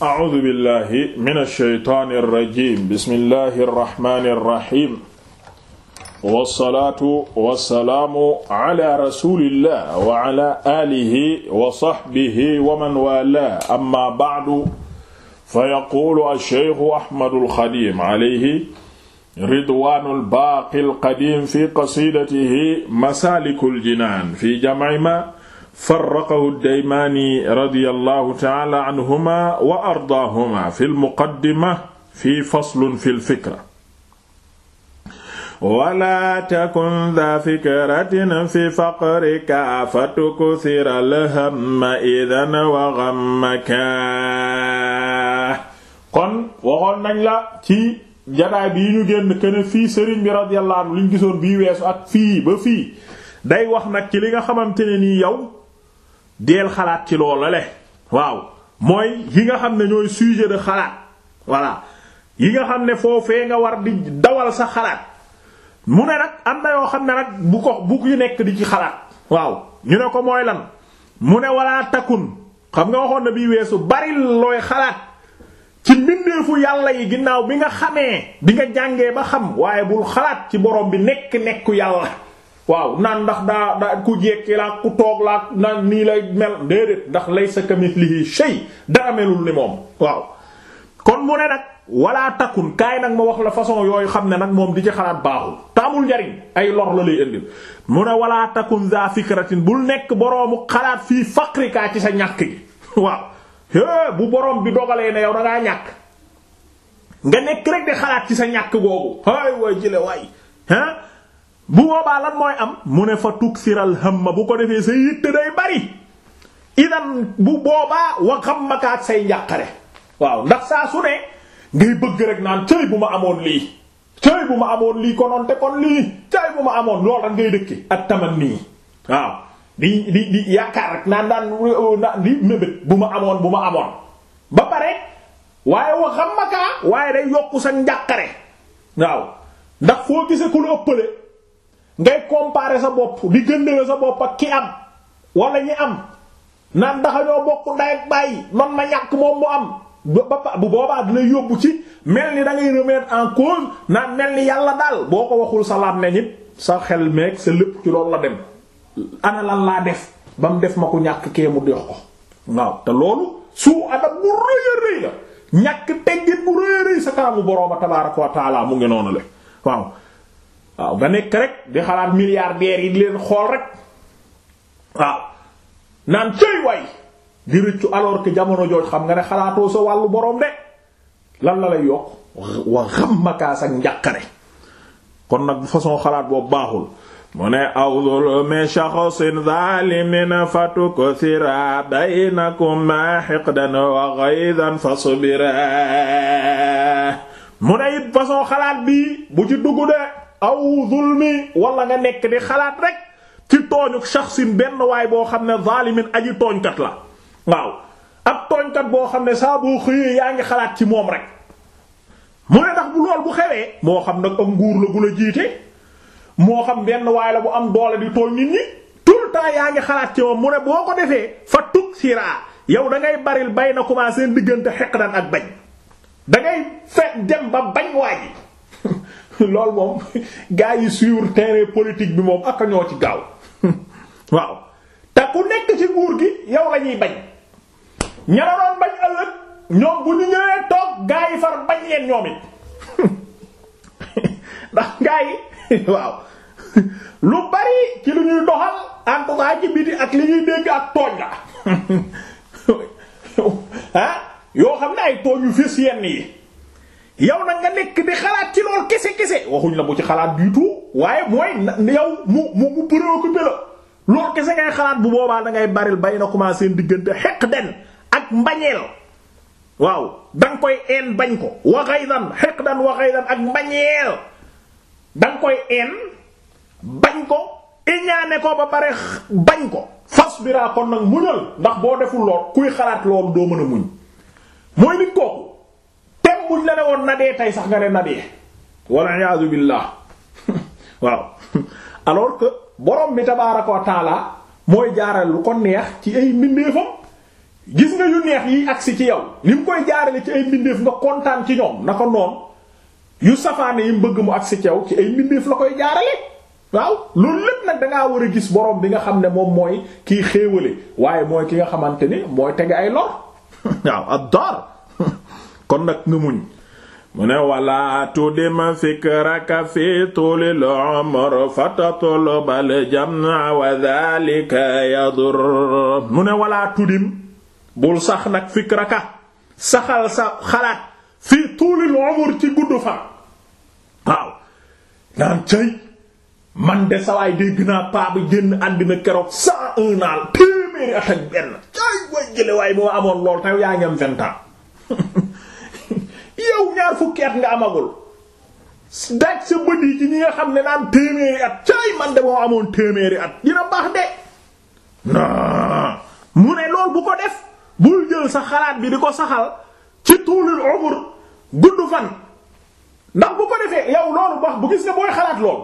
a'uudu billahi mina shaytaani rajiim bismillahi rahmaani rahiim. wasalaatu wasalaamu ala rasulillah wa ala alihi wa sahbihi wa man waalaa amma ba'du fa yaquulu ash-shaykhu Ahmadul Xadiim alayhi ridwaanul baaqil qadiim fi qasiidatihi masaalikul jinaan fi jam'i maa farraqahu daymaani radiyallahu taala anhuma wa ardaahuma fi lmuqaddima fi faslun fi lfikra wala takun da fikratin fi faqrika fatuksira lhamma idan wa ghammaka kon waxoon nañ la ci jadaay bi ñu génn kenn fii sëriñ bi radiyallahu anhu liñ gisoon bii weesu ak fii ba fii day wax nag ci li nga xamante ne nii yow deel xalaat ci loola le waaw mooy yi nga xam ne ñooy sujet de xalaat voilà yi nga xam ne foofee nga war di dawal sa xalaat mu ne nag am na yoo xam ne nag bu ko bu yu nekk di ci xalaat waaw ñu ne ko mooy lan mu ne wala takun xam nga waxoon na bii weesu bari looy xalaat ci mbindeefu yàlla yi ginnaaw bi nga xamee di nga jàngee ba xam waaye bul xalaat ci borom bi nekk nekku yàlla waaw naan ndax daa daa ku jekki laa ku toog laa naan nii lay mel déedéet ndax laysa kamithlihi shay dara melul ni moom waaw kon mu ne nag wala takkun kaay nag ma wax la façon yooyu xam ne nag moom di ci xalaat baaxul taamul njariñ ay lor la lay indil mu ne wala takkun za fikratin bul nekk boroomu xalaat fii faqrikaa ci sa ñàkk gi waaw é bu borom bi dogalee ne yow da ngaa nga nekk rek di xalaat ci sa ñàkk googu ay waay jële waay bu boobaa lan mooy am mu ne fa tuksiral hamma bu ko defee sa yitte day bari idan bu boobaa wa xammaka ak say njàqare waaw ndax saa su ne ngay bëgg rek naan cëy bu ma amoon lii cëy bu ma amoon lii konoon te kon lii cëy bu ma amoon lool rek ngay dëkke ak taman nii waaw di di di yaakaar rek naan naan di mébét bu ma amoon bu ma amoon ba pare waaye wa xammaka waaye day yokku sa njàqare waaw ndax foo gise ku lu ëppale ngay compare sa bopp di gëndale sa bopp ak ki am wala ñi am naan ndaxa bokk nday ak bàyyi man ma ñàkk moom mu am bu boobaa dina yóbbu ci mel ni da ngay remettre naan mel ni yàlla daal boo ko waxul sa laam ne nit sa xel meeg sa lépp ci loolu la dem ana lan laa def ba mu def ma ko ñàkk kee mu dox ko waaw te loolu suu adab bu rëy a rëy la ñàkk teggit bu rëy a rëy sa kanamu borooma tabaaraka mu ngi noonu la waaw waaw nga nekk rek di xalaat milliardaires yi di leen xool rek waaw naan cëy way di rëccu alors que jamono jooj xam nga ne xalaatoo sa wàllu borom de lan la lay yokk wa xammakaas ak njàqare kon nag façon xalaat boobu baaxul mu ne awdul mi shaxsin zalimin fatukthira baynakuma hiqdan wa ghaydan fasbira mu ne it façon xalaat bii bu ci dugg de aw zulmi wala nga nekk di xalaat rek ci tooñu shaxsin benn waay boo xam ne zalimin aji tooñkat la waaw ak tooñkat boo xam ne saa boo xëyee yaa ngi xalaat ci moom rek mu ne ndax bu lool bu xewee moo xam nag ak nguur la gu la jiite moo xam benn waay la bu am doole di tooñ nit ñi tout le temps yaa ngi xalaat ci moom mu ne boo ko defee fa tug siraa yow dangay ngay baril bay na commencé seen diggante xeq dan ak bañ dangay ngay fe dem ba bañ waa ji loolu moom gars yi suivre terrain politique bi moom ak ñoo ci gaaw waaw te nekk ci nguur gi yow la bañ ña la doon bañ ëllëg ñoom bu ñu ñëwee toog gars yi far bañ leen ñoom it ndax gaa yi waaw lu bari ci lu ñuy doxal en tout cas ci biti ak li ñuy dégg ak tooñ la ah yoo xam ne ay tooñ yu fés yenn yi. yow nag nga nekk di xalaat ci lool kese kese waxuñ la bu ci xalaat du tout waaye mooy yow mu mu mu préoccupé la lool kese ngay xalaat bu boobaa da ngay baril bay na commencé seen diggante xeq den ak mbañeel waaw da nga koy een bañ ko waxay dan xeq dan waxay ak mbañeel da koy een bañ ko iñaane ko ba pare bañ ko fas biraa nag muñal ndax boo deful lool kuy xalaat loolu doo mën a muñ mooy nit kooku woon na dee tey sax nga ne na dee walla iyaazu billaah waaw alors que borom bi tabaaraka wa mooy jaaral lu ko neex ci ay mbindeefam gis nga yu neex yiy agsi ci yow ni mu koy jaarale ci ay mbindeef nga kontaan ci ñoom na ko noonu yu safaane yi mu bëgg mu agsi ci yow ci ay mbindeef la koy jaarale waaw loolu lépp nag dangaa war a gis boroom bi nga xam ne moom mooy kiy xéewale waaye mooy ki nga xamante ni mooy tege ay lor waaw ab daar kon mu ne wala tudima fikraka fi tulil umr fatatlubal jam'a wa dhalika yadur mu ne wala tudim bul sax nag fikraka saxal sa xalaat fi tulil umr ci gudd fa waaw naan cay man de sawaay dégg naa paa bi génn àddina keroog cent un ans téeméeri at benn cay way jële waaye bi amoon lool taw yaa ngi am yow ñaar fukki at amagul daaj sa bët nga xam ne naan téeméeri at cay moo amoon téeméeri at dina baax ne lool bu ko def bul jël sa xalaat bi di ko saxal ci tuulul ndax bu ko defee yow loolu wax bu gis nga booy xalaat lool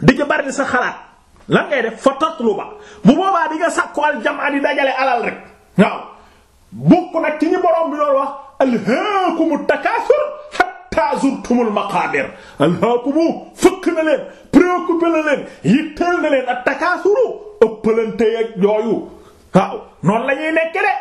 di ci bari sa xalaat lan ngay def fa tatluba bu boobaa di nga sàkku al jam di dajale alal rek waaw bokk nag ci ñi borom bi loolu wax alhaakumu takaasur hatta zurtumul maqaabir alhaakumu fëkk na leen préoccupé na leen yitteel na leen ak takaasuru ëppalante yeeg yooyu waaw noonu la ñuy nekk de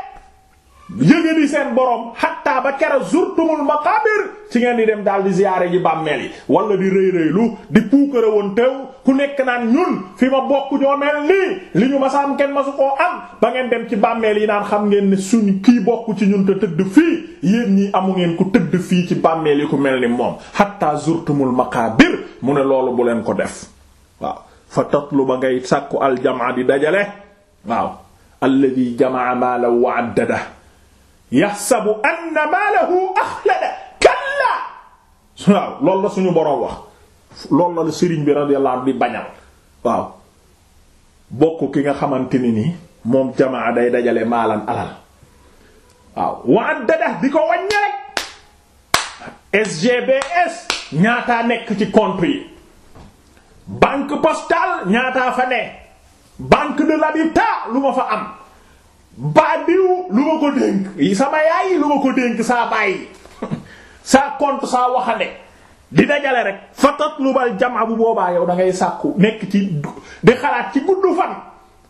yëge di seen borom xattaa ba kera zurtumul maqabir ci ngeen di dem daal di ziyaare ji bàmmeel yi wala di rëy rëylu di puukare woon teew ku nekk naan ñun fi ma bokk ñoo mel nii li ñu ma kenn masu koo am ba ngeen dem ci bàmmeel yi naan xam ngeen ne suñ kii bokk ci ñun te tëdd fii yéen ñii amu ngeen ku tëdd fii ci bàmmeel yi ku mel ni moom xattaa zurtumul maqabir mu ne loolu bu leen ko def waaw fa tatlu ba ngay sàkku aljamaa di dajale waaw alladi jamaa maala wa yaxsabu anna maalahu axlada kallaa waaw loolu la suñu boroom wax loolu la la sëriñ bi radiyallahu bi bañal waaw bokk ki nga xamante ni nii moom jamaa day dajale maalan alal waaw wa addada di ko wàññi rek SGBS ñaataa nekk ci compte yi banque postale ñaata fa ne banque de l'habitat lu ma fa am baa diw lu ma ko dénk sama yaay lu ma ko dénk saa bàyyi saa compte saa waxande di dajale rek fa tatlubal jamaa bu boobaa yow da sàkku nekk ci di xalaat ci gudd fan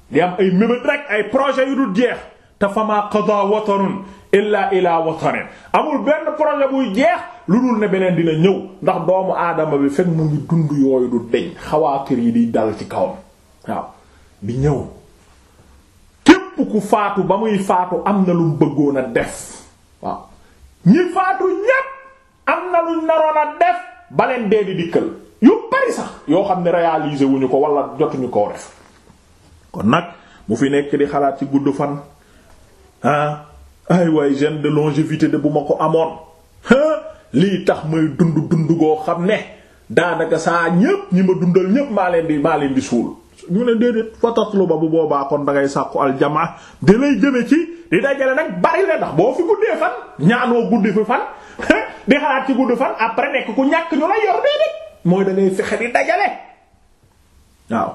di am ay mébét rek ay projet yu dul jeex te fa maa qada watarun illa ila watarin amul benn projet buy jeex lu dul ne beneen dina ñëw ndax doomu aadama bi fekk mu ngi dund yooyu du deñ xawaatir yi di dal ci kawam waaw di ñëw képp faatu ba muy faatu am na lu bëggoon a def waaw ñi faatu ñépp am na luñ naroon a def baleen dee di dikkal yu bari sax yoo xam ne réaliser wuñu ko wala jotuñu koo def kon nag mu fi nekk di xalaat ci gudd fan ah ay waay gène de longévité de bu ma ko amoon lii tax may dund dund goo xam ne daanaka saa ñépp ñi ma dundal ñépp maa leen di maa leen di suul ñu ne déedéet fa tatlu ba bu boobaa kon da ngay aljamaa di lay jëme ci di dajale nag bari la ndax boo fi guddee fan ñaanoo guddi fi fan di xalaat ci gudd fan après nekk ku ñàkk ñu la yor déedéet mooy da ngay fexe di dajale waaw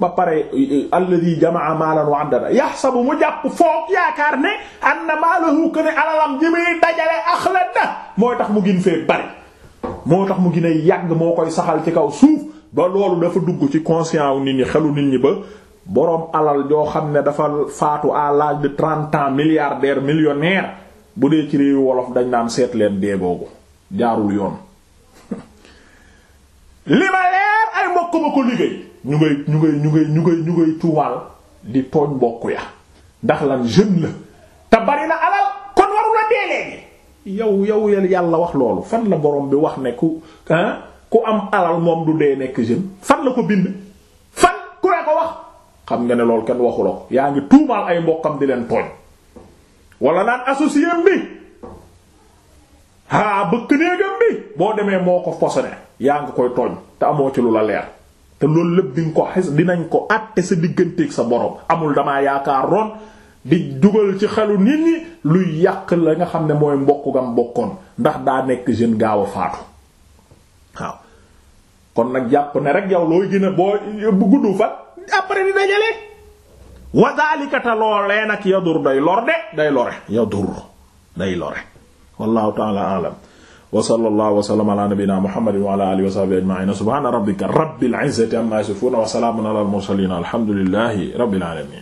ba pare alladi jamaa maalan wa addada yaxsabu mu jàpp foog yaakaar ne anna maalahu ne alalam ji muy dajale axlada mooy tax mu gën fee bari moo tax mu gën a yàgg moo koy saxal ci kaw suuf ba loolu dafa dugg ci conscience wu nit ñi xelu nit ñi ba boroom alal joo xam ne dafa faatu à l'âge de trente ans milliardaire millionnaire bu dee ci réewu wolof dañ naan seet leen dee boobu jaarul yoon li ma leer ay mbokk ma ko liggéey ñu ngay ñu ngay ñu ngay ñu ngay ñu ngay tuumaal di tooñ mbokk ya ndax lan jeune la te bari na alal kon warul dee léegi yow yow yàlla wax loolu fan la borom bi wax ne ku ku am alal moom du dee nekk jeune fan la ko bind fan ku ne ko wax xam nga ne loolu kenn waxu la ko yaa ngi tuumaal ay mbokkam di leen tooñ wala naan associé bi haa bëkk néegam bi boo demee moo ko posone yaa ngi koy tooñ te amoo ci lu la leer te loolu lépp di ko xis dinañ ko àtte sa digganteeg sa borom amul damaa yaakaaroon di dugal ci xelu nit ñi luy yàq la nga xam ne mooy mbokk gam mbokkoon ndax daa nekk jeune gaaw a faatu waaw kon nag jàpp ne rek yow looy gën a boo bu gudd fan après di dajale wazaalikata loolee nag yadur day lor de day lore yadur day lore wallahu ta'ala a'lam wa sallallahu wa sallama ala nabiyyina muhammadin wa ala alihi wa sahbihi ajma'in subhana rabbika rabbil izzati amma wa salamun ala al mursalin alhamdulillahi rabbil alamin